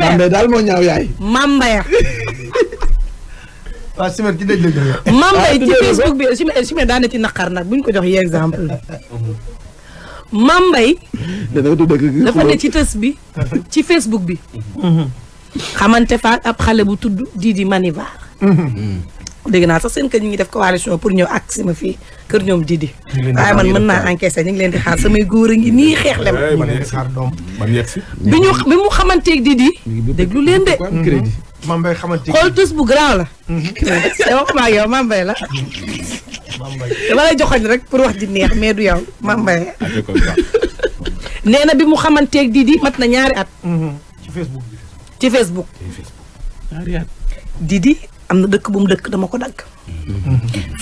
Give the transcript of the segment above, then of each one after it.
ci daal moo ñaaw yaay. Mambey. waaw ci mer ci dëj la ah, ci Facebook bi bu ñu ko jox yi exemple. Mambey. dafa ne ci tës bi ci Facebook bi. Mhm. xamante fa ab xale bu tudd Didi Manivar. Mhm. dégg naa sax seen kër ñu ngi def ko coalition pour ñëw ak si ma fii kër ñoom Didi. waaye man mën naa encaissé ñu ngi leen di xaar samay góor a ngi nii xeex lem. man yegg si man yegg si. bi ñu bi mu xamanteeg Didi. déglu leen de. Mm-hmm. Mame Mbaye xamante xool tus bu grand la. Mm-hmm. te waxuma ak yow Mame Mbaye la. Mame Mbaye dama lay rek pour wax di neex mais du yow Mame Mbaye. Ah, nee na bi mu xamanteeg di mat na ñaari at. Mm-hmm. ci Facebook bi. ci am na dëkk bu mu dëkk dama ko dagg.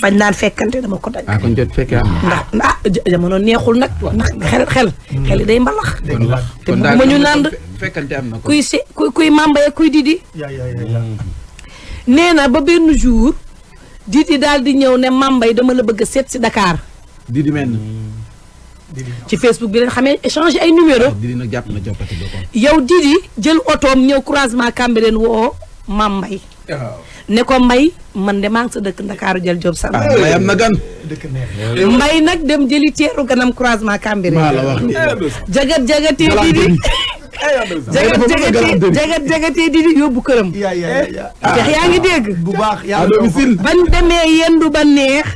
fañ naan fekkante dama ko dagg. ah kon jot am ndax ah jamono neexul nag. ndax xel xel. xel day mbalax. te bu ñu naan fekkante am na ko kuy se kuy kuy màmbaye kuy didi. nee na ba benn jour. didi daal di ñëw ne màmba yi dama la bëgg a seet si Dakar. didi mel ci Facebook bi leen xamee échange ay numéro ah, didi nag jàpp na yow didi jël otoom ñëw croisement Cambérène woo màmbay ne ko mbay man de maa ngi sa dëkk ndakaaru jël job sax ah, mbay am na gan mbay nag dem jëli teeru ganam croisement Cambérène jagat jagatee di di jagat jagatee jagat jagatee di di yóbbu këram tex ah. yaa ngi dégg bu baax à domicile ban demee yendu ba neex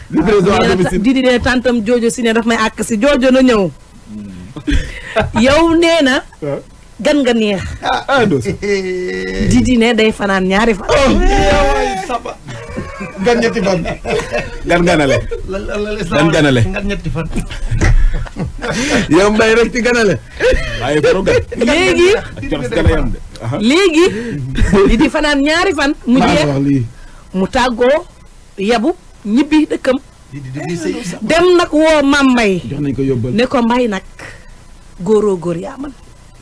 di ne tàntam joojo si ne daf may àkk si joojo na ñëw hmm. yow nee gan nga neex. ah, ah Didi ne day fanaan ñaari fan. Oh, gan ñetti fan. gan ganale. gan ganale. gan ci ganale. waaye léegi. léegi. Didi fanaan ñaari fan. mu jeex mu tàggoo yabu ñibbi dëkkam. dem nag woo maam jox nañ ko yóbbal ne ko Mbay nag góoroo góor yaa man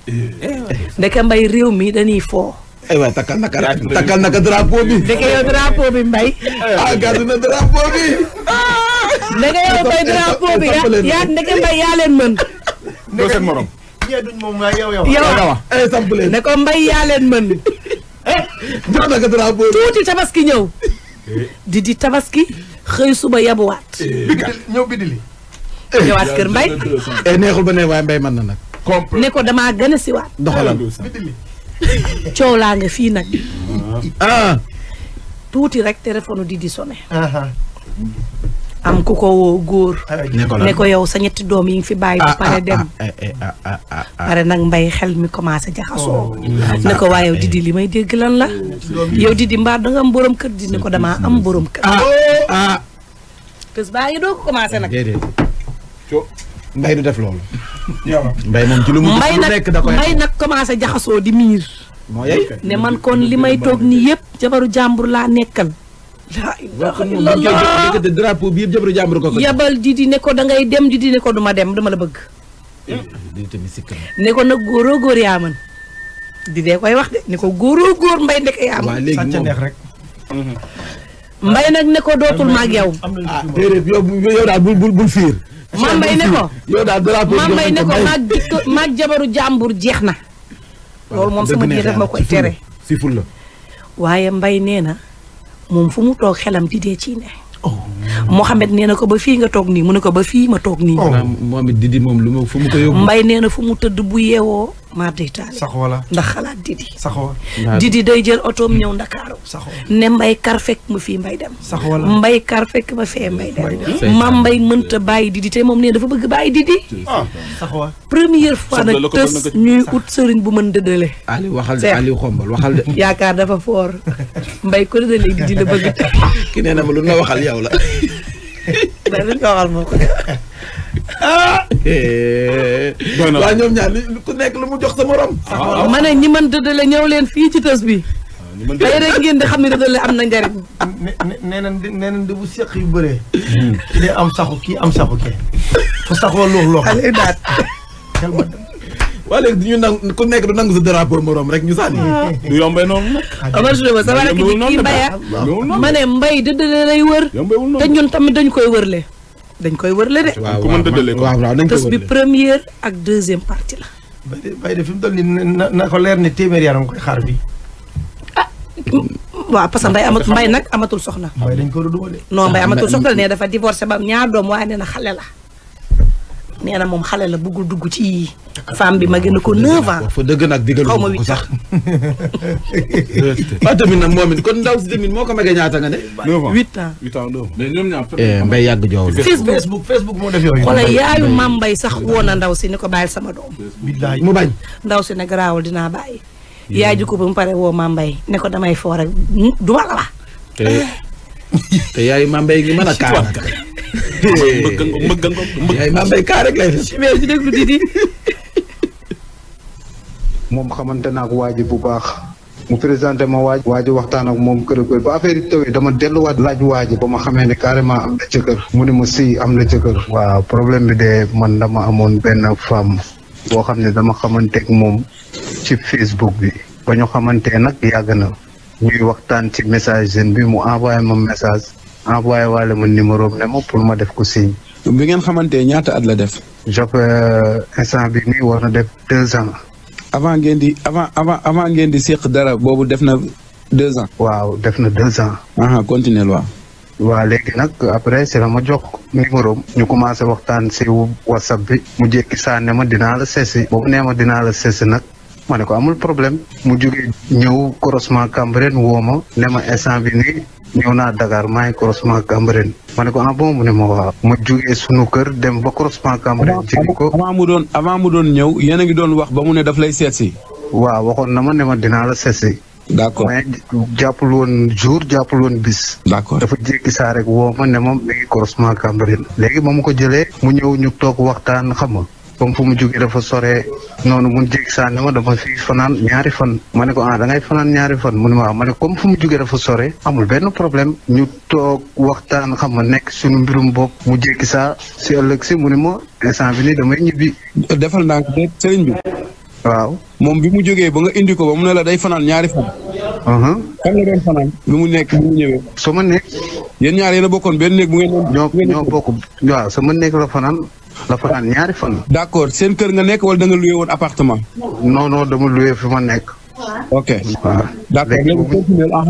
ndeke mbay rew mi dañuy foo aywa takkal nak iya, takkal naka drapo bi ndeke yo drapo bi mbay ah gadu na drapo bi ndeke yo bay drapo bi ya ndeke mbay ya len man do sen morom ñee duñ mom nga yow ya, yow ya, ay eh sampule ne ko mbay yaa leen mën jox eh, naka ka drapo tuti tabaski ñew eh. di di tabaski xey suba yabuwaat eh. bidil ñëw bidili ñewat kër mbay neexul ba ne way mbay man na complètement ne ko damaa gën a siwaat. doxalal coow laa nga fii nag. Ah. ah. tuuti rek téléphone di di sonné. Ah, ah. am ku ko woo góor. ne ko yow sa ñetti doom yi ngi fi bàyyi. ba pare dem eh, eh, pare nag mbay xel mi commencé jaxasoo. Oh, ne ko waaye yow di li may dégg lan la. yow di mbaa da nga am borom kër di ne ko damaa am boroom kër. ah baa ngi doo ko commencé nag. déedéet. mbay du def loolu. mbay moom ci lu mu nekk da koy mbay nag commencé jaxasoo di miir. moo yey ne man kon li may toog nii yëpp jabaru jàmbur laa nekkal. yëkkati drapeau bi yëpp jabaru jàmbur ko yabal di di ne ko da ngay dem di di ne ko du ma dem dama la bëgg. Eh, ne ko nag góoroo góor yaa man di dee koy wax de ne ko góoroo góor mbay ndek yaa man. sàcc neex rek. mbay nag ne ko dootul maag yow. ah déedéet yow yow daal bul bul bul fiir. mambay ne ko mambay ne ko maag jikko maag jabaru jàmbur jeex na loolu moom sama diir daf ma koy tere si ful la waaye mbay nee na moom fu mu toog xelam di dee ci ne oh. Mohamed nee na ko ba fii nga toog nii mu ne ko ba fii ma toog nii oh. Mohamed Didi moom lu ma fu mu ko yóbbu mbay nee na fu mu tëdd bu yeewoo maa day taali sax ndax xalaat didi sax day jël mu ñëw ndakaaru ne mbay kar fekk ma fii mbay dem sax wala mbay kar fekk ma fee mbay dem ma mbay mënta bàyyi didi te moom nee dafa bëgg bàyyi didi ah, sax wala première fois nag tës ñuy ut sëriñ bu mën dëddale ali waxal de ali xombal waxal yaakaar dafa foor mbay ko dëddale didi la bëgg ki nee na lu na waxal yow la ah. doon waa ñaar ku nekk lu mu jox sa ah, ah. morom. ma ne ñi mën dëddale ñëw leen fi ci tës bi. Ah, ñu rek ngeen di xamni ne dëddale am na njariñ. nenañ nenañ nee bu seq yu bëree. kii am saxu ki am saxu kii fa saxoo lo lo xale daal walé du ñu nang ku nekk du nang sa drapeau morom rek ñu sànni. du yombé non nak amar Souley sa wala ki ki baye mané mbay Mbaye dëddale lay wër. te ñun tamit dañ koy wërle. dañ koy wërale de. waaw waaw waaw waaw dañ koy wërale bi première ak deuxième partie la. bay de fi mu toll nii na ko leer ne téeméer yaa ngi koy xaar bi ah waaw parce que mbay amat mbay nag amatul soxna. mbay dañ ko doon non mbay ah, amatul soxna ne dafa divorcé ba ñaar doom waaye nee na xale la. nee mom moom la bëggul dugg ci yii. femme bi ma gën ko 9 ans. fa deug nak digal ko sax. waaw tamit nag moom kon ndaw ci tamit moko ko magee ñaata nga ne. 8 ans 8 ans 8 mais ñom ñaar. Eh, Facebook Facebook mo def yooyu. xoolal yaayu mam bay sax wona ndaw ci niko bayal sama doom. billahi mu bañ. ndaw ci ne grawul dina baye yaay ji ko bu mu pare woo maam mbay ne ko damay fo rek duma la wax. te eh. te yaayu mam bay gi mën a mbëgg moom xamante na ak bu baax. mu présenté ma waaj waaji waxtaan ak moom kër kër ba affaire yi dama delluwaat laaj waaji ba ma xamee ne carrément am na jëkkër mu ne ma si am na jëkkër waaw problème bi de man dama amoon benn femme boo xam ne dama xamanteeg moom ci Facebook bi ba ñu xamante nag yàgg na ñuy waxtaan ci message jeune bi mu envoyé ma message envoyé waale ma numéro bi ne ma pour ma def ko signe. bi ngeen xamante ñaata at la def. jàpp euh, instant bi na def deux ans. avant ngeen di avant avant avant ngeen di seq dara boobu def na deux ans. waaw def na deux ans. aha continué waaw. waaw léegi nag après si la ma jox numéro ñu commencé waxtaan si whatsapp bi mu jekki saa ne ma dinaa la cessé boobu nee ma dinaa la cessé nag ma ne ko amul problème mu jógee ñëw croisement Cambérène woo ma ne bi nii ñëw naa Dakar maa ngi croisement Cambérène ma ne ko ah bon mu ne ma waaw ma jugee sunu kër dem ba croisement Cambérène jëli ko avant mu doon avant mu doon ñëw yéen a ngi doon wax ba mu ne daf lay seet si waaw waxoon na ma ne ma dinaa la seet si d' accord mais jàppul woon jour jàppul woon bis. d' accord dafa jékki saa rek woo ma ne ma mi ngi croisement Cambérène léegi ba mu ko jëlee mu ñëw ñu toog waxtaan xam nga comme fu mu jógee dafa sore noonu mu mun saa sànni ma dama fi fanaan ñaari fan ma ne ko ah da fanaan ñaari fan mu ne waaw ah, ma ne comme fu mu jógee dafa sore amul benn problème ñu toog waxtaan xam nga nekk suñu mbirum bopp mu jékki saa si mu ne ma instant bi nii damay ñibbi. defal ndànk de sëriñ waaw moom bi mu jógee ba nga indi ko ba mu ne la day fanaan ñaari fan. Uh-huh. kan la mu nekk bi mu ñëwee. sama nekk. yéen ñaar yéen a bokkoon benn néeg ñoo bokk waaw sama nekk la fanaan. dafa naan ñaari fan. d' accord seen kër nga nekk wala da nga loué woon appartement. non non dama loué fi ma nekk. ok. waaw d' léegi continué ah.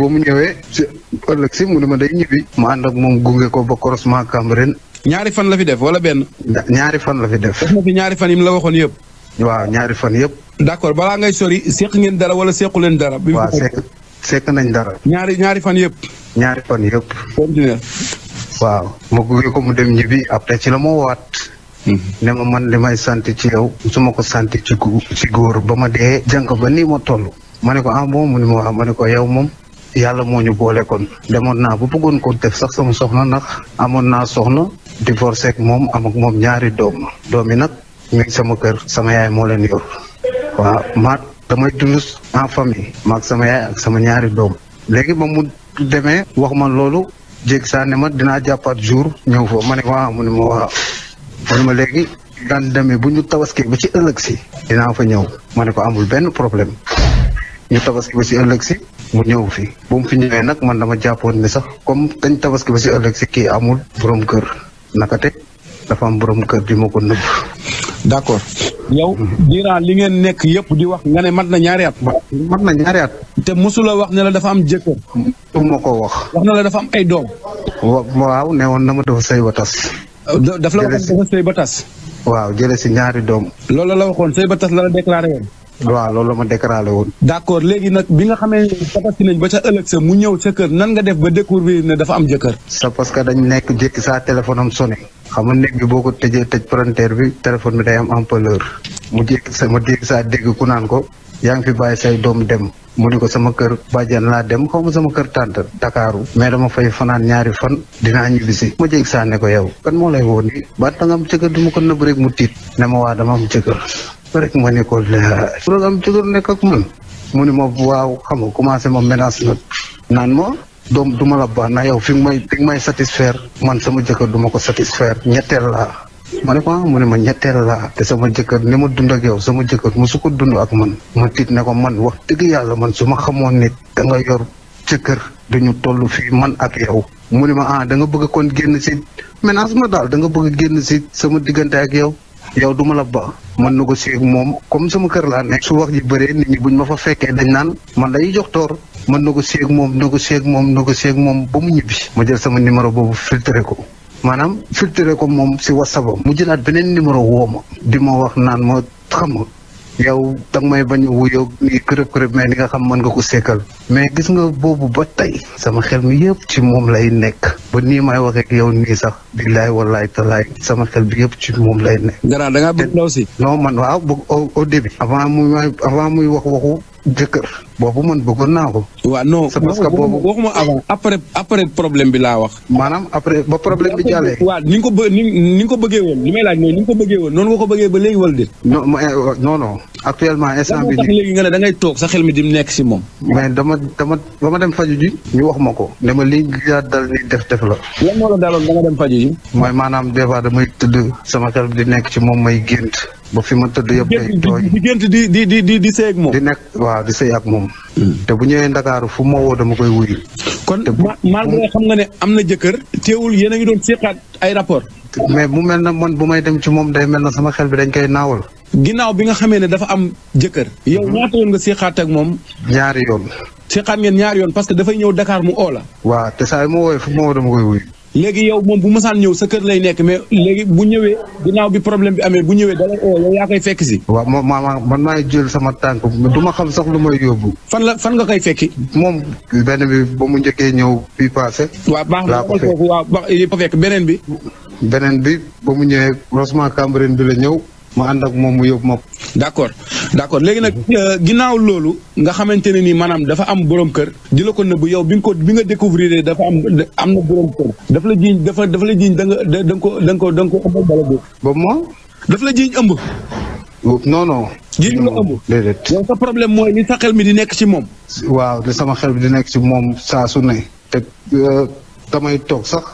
ba mu ñëwee. si ëllëg mu ne ma day ñibbi. ma ànd ak moom gunge ko ba croisement Cambérène. ñaari fan la fi def wala benn. ñaari fan la fi def. def ñaari fan yi la waxoon yëpp. waaw ñaari fan yëpp. d' balaa ngay sori seq ngeen dara wala sequ leen dara. waaw seq seq nañ dara. ñaari ñaari fan yëpp. ñaari fan yëpp. continué. waaw ma gunge ko mu dem ñibi après ci la mm-hmm. ma waat ne ma man limay may ci yow suma ko sant ci ci góor ba ma dee jànk ba nii ma toll ma ne ko ah bon mu ni ma waaw ma ne ko yow moom yàlla moo ñu boole kon demoon naa bu bëggoon ko def sax sama soxna ndax amoon naa soxna divorcé ak moom am ak moom ñaari doom doom yi nag sama kër sama yaay moo leen yor waaw ma damay dund en famille maag sama yaay ak sama ñaari doom léegi ba mu demee wax ma loolu jéeg saa ne ma dinaa jàppaat jour ñëw fa ma ne waaw ah, mu ne ma waaw mu ne ma léegi daan demee bu ñu tabaski ba ci ëllëg si dinaa fa ñëw ma ne ko amul benn problème ñu tabaski ba si ëllëg si mu ñëw fi bu mu fi ñëwee nag man dama jàppoon ni sax comme dañ tabaski ba si ëllëg si kii amul borom kër naka te dafa am borom kër di ma ko nëbb d' accord yow diiraan li ngeen nekk yëpp di wax nga ne mat na ñaari at. mat na ñaari at. te mosula wax ne dafa am jëkkër. ma ko wax. wax na dafa am ay doom. waaw ne woon na ma dafa sëy ba tas. daf la waxoon dafa sëy ba si ñaari doom. loolu la waxoon sëy ba tas la la waaw loolu la ma déclaré woon. d' accord léegi nag bi nga xamee tabaski nañ ba sa mu ñëw sa kër nan nga def ba découvrir ne dafa am jëkkër. sa parce que dañ nekk jékki saa téléphone am sonné xam nga néeg bi boo ko tëjee tëj frontière bi téléphone bi day am ampleur mu jékki sa ma saa dégg ku naan ko yaa ngi fi bàyyi say doom dem. mu ni ko sama kër bàjjan laa dem xaw ma sama kër tànt Dakaaru mais dama fay fanaan ñaari fan dinaa ñibbisi ma jéeg saa ne ko yow kan moo lay woo nii ba nga am jëkkër du kon na nëbb rek mu tiit ne ma waadama dama am jëkkër rek ma ne ko la programme toujours nek ak man mu ne ma waw xam nga commencé ma menace nak nan mo dom duma la ba na yow ya fi may fi may satisfaire man sama jëkkër duma ko satisfaire ñettel la ma ne ko ah ne ma ñettel la te sama jëkkër ni mu dund ak yow sama jëkkër mu dund ak ya man ma tit ne ko man wax deug yalla man suma xamone nit da nga yor jëkkër dañu tollu fi man ak yow mu ma ah da nga bëgg kon genn ci menace ma dal da nga bëgg genn ci sama digënté ak yow ya yow du ma la ba man négocier ak moom comme sama kër laa nekk su wax ji bëree nit ñi buñ ma fa fekkee dañ naan man lay jox toor man négocier ak moom négocier ak moom négocier ak moom ba mu ñibbi ma jël sama numéro boobu filtré ko maanaam filtré ko moom si whatsapp mu jëlaat beneen numéro woo ma di ma wax naan ma xam yow danga may bañ a wuyoo nii kërëb kërëb mais li nga xam man nga ko sekkal mais gis nga boobu ba tey sama xel mi yëpp ci moom lay nekk ba nii may wax ak yow nii sax billaay wallaay talaay sama xel bi yëpp ci moom lay nekk. gannaaw da ngaa bëgg ndaw si. non waaw au début. avant muy avant muy wax waxu. jëkkër boobu man bëggoon naa ko. waaw non c'est parce que boobu waxuma avant après après problème bi laa wax. maanaam après ba problème bi jàllee. waaw ni nga ko bë ni nga ko bëggee woon li may laaj mooy ni ko bëggee woon noonu ko bëggee ba léegi wala déet. Eh, non actuellement instant bi da ngay toog sa xel mi nekk si moom. mais dama dama ba ma dem faju ji. ñu wax ma ko ne ma lii laa dal ni def def la. lan moo la daloon ba nga dem bi di nekk ci moom may gént. boo fi ma tëdd yëpp day tooy di gént di di di di di sëy ak moom. di nekk waaw di sëy moom. Hmm. te bu ñëwee Ndakaaru fu ma woo dama koy wuyu. kon malgré xam nga ne am na jëkkër. teewul yéen a ngi doon seqaat ay rapport mais mu mel na man bu may dem ci moom day mel na sama xel bi dañ koy naawal. ginnaaw bi nga xamee ne dafa am jëkkër. yow hmm. ñaata yoon nga seqaat ak moom. ñaari yoon. seqaat ngeen ñaari yoon parce que dafay ñëw dakaar mu oo la. waaw te saa yi ma woowee fu ma woo dama koy wuyu. léegi yow moom bu mosaan ñëw sa kër lay nekk mais léegi bu ñëwee ginnaaw bi problème bi amee bu ñëwee da lay oo yow yaa koy fekk si. waaw moom maanaam man maay jël sama tànk du ma xam sax lu may yóbbu. fan la fan nga koy fekk moom benn bi ba mu njëkkee ñëw fii paase. waaw baax na foofu waaw baax beneen bi. beneen bi ba mu ñëwee Rosement Cambérène bi la ñëw ma ànd ak moom mu yóbbu ma. d'accord. d' accord léegi nag euh, ginnaaw loolu nga xamante ne ni maanaam dafa am borom kër di la ko nëbb yow bi nga ko bi nga découvrir dafa am am na borom la jiiñ dafa dafa la jiiñ da nga da nga ko da nga ko da nga ko dafa la jiiñ ëmb noonoo non la ëmb déedéet sa problème mooy li sa xel mi di nekk ci moom waaw li sama xel mi di nekk ci moom saa su ne euh, toog sax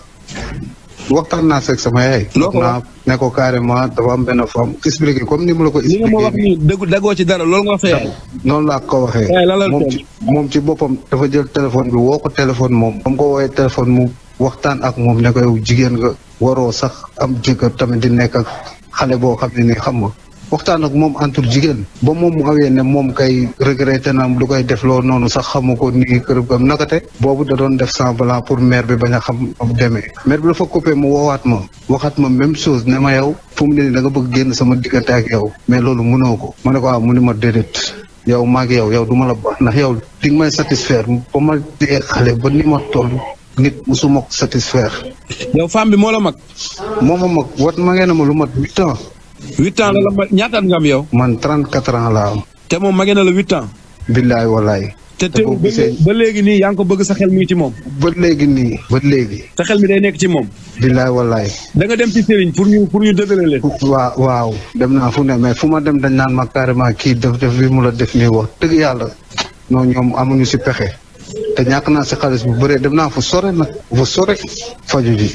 waxtaan naa seeg sama yaay. loo ko wax ne ko carrément dafa am benn femme expliqué comme ni mu la ko. expliqué nii li nga ci dara loolu nga wax sa noonu laa ko waxee. Eh, moom ci moom ci boppam dafa jël téléphone bi woo ko téléphone moom. ba ko woowee téléphone mu waxtaan ak moom ne ko yow jigéen nga waroo sax am jëkkër tamit di nekk ak xale boo xam ne nii xam nga. waxtaan ak moom antul jigéen ba moom mu awee ne moom kay regretté na lu koy def loolu noonu sax xamu ko nii kër gam nakate boobu da doon def semblant pour maire bi bañ a xam deme maire bi dafa coupé mu woowaat ma waxaat ma même chose ne ma yow fu mu ne nii da bëgg génn sama diggante ak yow mais loolu mënoo ko ma ne ko waaw ah mu ni ma déedéet yow maa ngi yow yow du ma la baax ndax yow di nga may satisfaire ba ma dee xale ba ni ma toll nit musuma ko satisfaire. yow femme bi moo la mag. moo ma mag wat ma lu mat huit huit ans la la ma ñaata nga am yow. man trente quatre ans laa am. te moom magee na la huit ans. billaay wallaay. te te teewul ba léegi nii yaa ngi ko bëgg sa xel mi ci moom. ba léegi nii. ba léegi. sa xel mi day nekk ci moom. billaay wallaay. da nga dem ci sëriñ pour ñu pour ñu dëgëral leen. waaw waaw dem naa fu ne mais fu ma dem dañ naan ma carrément kii def def bi mu la def nii wax tëgg yàlla non ñoom amuñu si pexe te ñàkk naa si xaalis bu bëree dem naa fu sore nag fu sore faju ji.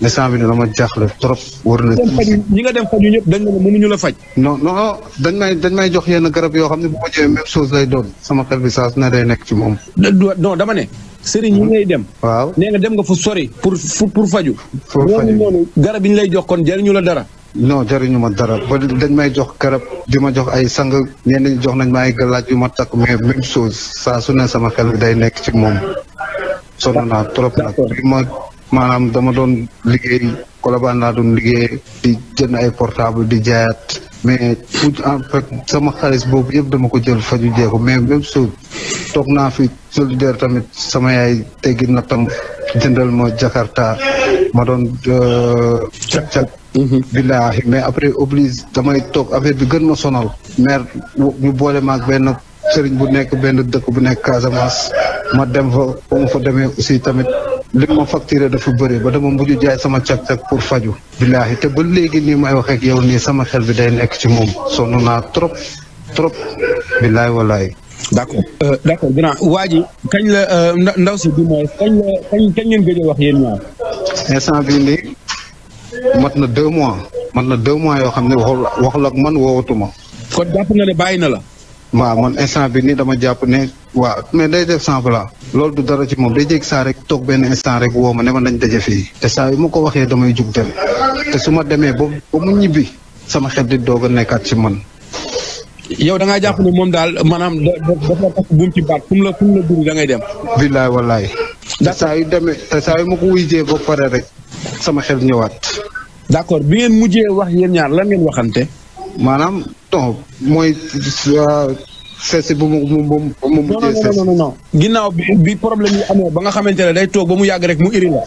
instant bi ne dama jaaxle trop. wër na ñi nga dem faj yu ñëpp dañ ne mënuñu faj. non dañ may dañ may jox yenn garab yoo xam ne bu ma jëlee même chose lay doon sama xel bi saa ne day nekk ci moom. non dama ne. sëriñ ñi dem. waaw dem nga fu sori. pour pour faju. garab yi lay jox kon jariñu la dara. non jariñu ma dara dañ may jox garab di ma jox ay sang ñenn ñi jox nañ ma ay galaaj yu ma takk mais même chose saa su sama xel bi day nekk ci moom naa trop nag. maanaam dama doon liggéey Colobane laa doon liggéey di jënd ay portable di jaayaat mais tout en sama xaalis boobu yëpp dama ko jël faju jeeku mais même chose toog naa fi solidaire tamit sama yaay teggi na tam jëndal ma Jakarta ma doon euh, cag-cag mhm. billaahi mais après oblige damay toog affaire bi gën ma sonal maire ñu boole maag benn sëriñ bu nekk benn dëkk bu nekk Casamance ma dem fa ba mu demee aussi tamit Lima ma ada dafa bëri ba dama mujj jaay sama cak-cak pour faju billaahi te ba léegi nii may wax ak sama xel bi day nekk ci trop trop billaahi wallaahi d'accord euh, accord d' waji grand waa ji kañ la euh, ndaw si du moins kañ la kañ kañ ngeen gëj a wax yéen ñaar. instant bii waxul man le waaw man instant bi nii dama jàpp ne waaw mais day def sans plan loolu du dara ci moom day jékki saa rek toog benn instant rek woo ma ne ma nañ daje fii te saa ma ko waxee damay jug dem te su ma demee bo ba mu ñibbi sama xel di doog a nekkaat ci man. yow da ngaa jàpp ne moom daal maanaam dafa takk buum ci baat fu la fu mu la ngay dem. billaay wallaay. te saa yu demee te saa yu ma ko wuyjee ba pare rek sama xel ñëwaat. d'accord bi ngeen mujjee wax yéen ñaar lan ngeen waxante. maanaam non mooy fees bu mu mu mu mu mu non non non non ginnaaw bi bi problème yi amee ba nga xamante ne day toog ba mu yàgg rek mu iri la.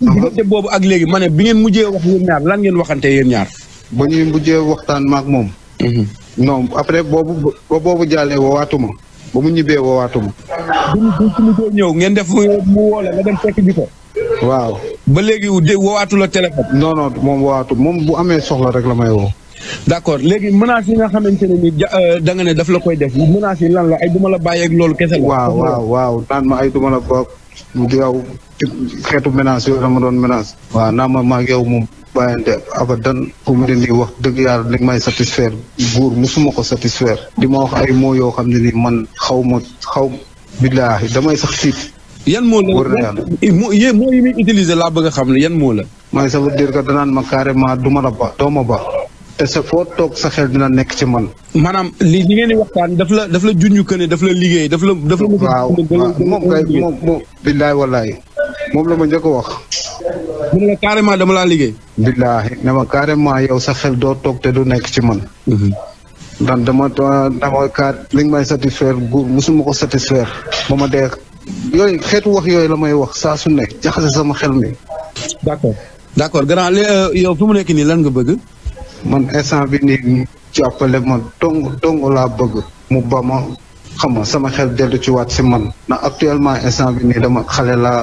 diggante boobu ak léegi ma ne bi ngeen mujjee wax yéen ñaar lan ngeen waxante yéen ñaar. ba ñuy mujjee waxtaan maak moom. Mhm. non après boobu ba boobu jàllee woowaatuma ba mu ñibbee woowaatuma. bi mu bi ñëw ngeen def mu woo la nga dem fekk ji ko. waaw. ba léegi de woowaatu la téléphone. non non moom woowaatu moom bu amee soxla rek la may woo. d' accord léegi menaces yi nga xamante ne nii euh, da ne daf la koy def menaces yi lan la ay duma la bàyyeeg loolu kese la. waaw waaw waaw naan ma ay duma la yow xeetu menace yooyu la ma doon menace. waaw naa ma yow moom bàyyante abadan fu mu wax dëgg yàlla li may satisfaire buur musuma ko satisfaire. di ma wax ay mots yoo xam ne nii man xaw ma xaw billaahi damay sax tiit. yan moo la wër moo yi muy utiliser laa bëgg xam ne yan moo la. mooy ça veut dire ma carrément du ma la ba doo ma ba. te sa foo toog sa xel dina nekk ci man. maanaam li ngeen di waxtaan daf la daf la junj que ne daf la liggéey daf la. daf la waaw moom kay moom moom. billaay wallaay moom la ma njëkk a wax. mu ne dama laa liggéey. billaahi ne ma carrément yow sa xel doo toog te du nekk ci man. Mhm. ndax dama dama kaat li nga may satisfaire bu musuma ko satisfaire ba ma dee yooyu xeetu wax yooyu la may wax saa su nekk jaxase sama xel mi. d' accord d' accord grand euh, yow mu nekk nii lan nga bëgg. man instant bi nii jàppale ma dong dong laa bëgg mu ba ma xam nga sama xel dellu ci waat si man na actuellement instant bi nii dama xale laa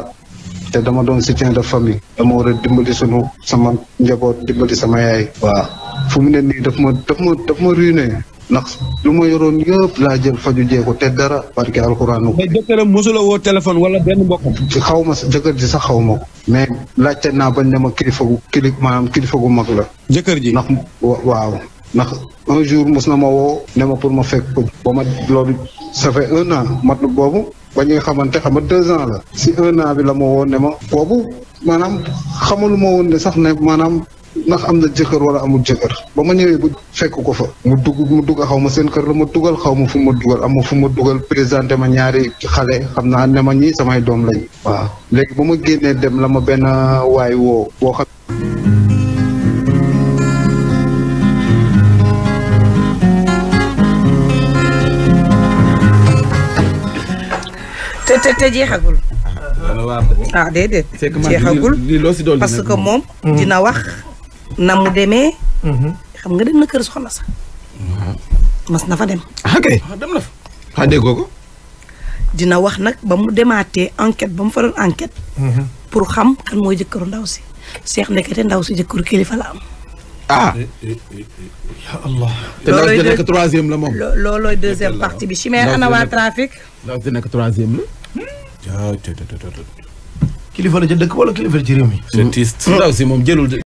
te dama doon soutien de famille dama war a dimbali sunu sama njaboot dimbali sama yaay. waaw fu mu ne nii daf ma daf ma daf ma ruiné ndax lu ma yoroon yëpp laa jël faju jeeku te dara barke alxuraanu. mais jëkkëram mosula woo téléphone wala benn mbokkam. ci xaw ma jëkkër ji sax xaw ma ko. mais laajte naa bañ ne ma kilifa gu kili maanaam kilifa gu mag la. jëkkër ji ndax waaw. ndax un jour mos na ma woo ne ma pour ma fek ko ba ma loolu ça fait un an mat boobu ba ñuy xamante xam nga deux ans la si un bi la ma wo ne ma boobu maanaam xamalu ma woon ne sax ne ndax am na jëkkër wala amul jëkkër ba ma ñëwee bu fekk ko fa mu dugg mu xaw ma seen kër la ma dugal xaw ma fu ma dugal am fu ma dugal présenté ma ñaari xale xam naa ne ma ñii samay doom lañ waaw léegi ba ma génnee dem la ma benn waay woo boo xam te te te jeexagul. ah, ah déedéet. jeexagul parce que moom hmm. dina wax. na mu demee. Mm-hmm. xam nga dem na kër soxna sax. Mm-hmm. mas na fa dem. ah kay ah, dem ah, dina wax nag ba mu demaatee enquête ba mu fa doon enquête. Mm-hmm. pour xam kan mooy jëkkëru ndaw si. seex ndekete ndaw si jëkkëru kilifa la am. ah. Eh, eh, eh, ya allah. te ndaw si nekk troisième la loolooy deuxième partie bi chimère ana waa trafic. ndaw si la. Hmm? kilifa la ca dëkk wala kilifa la ci ndaw si moom jëlul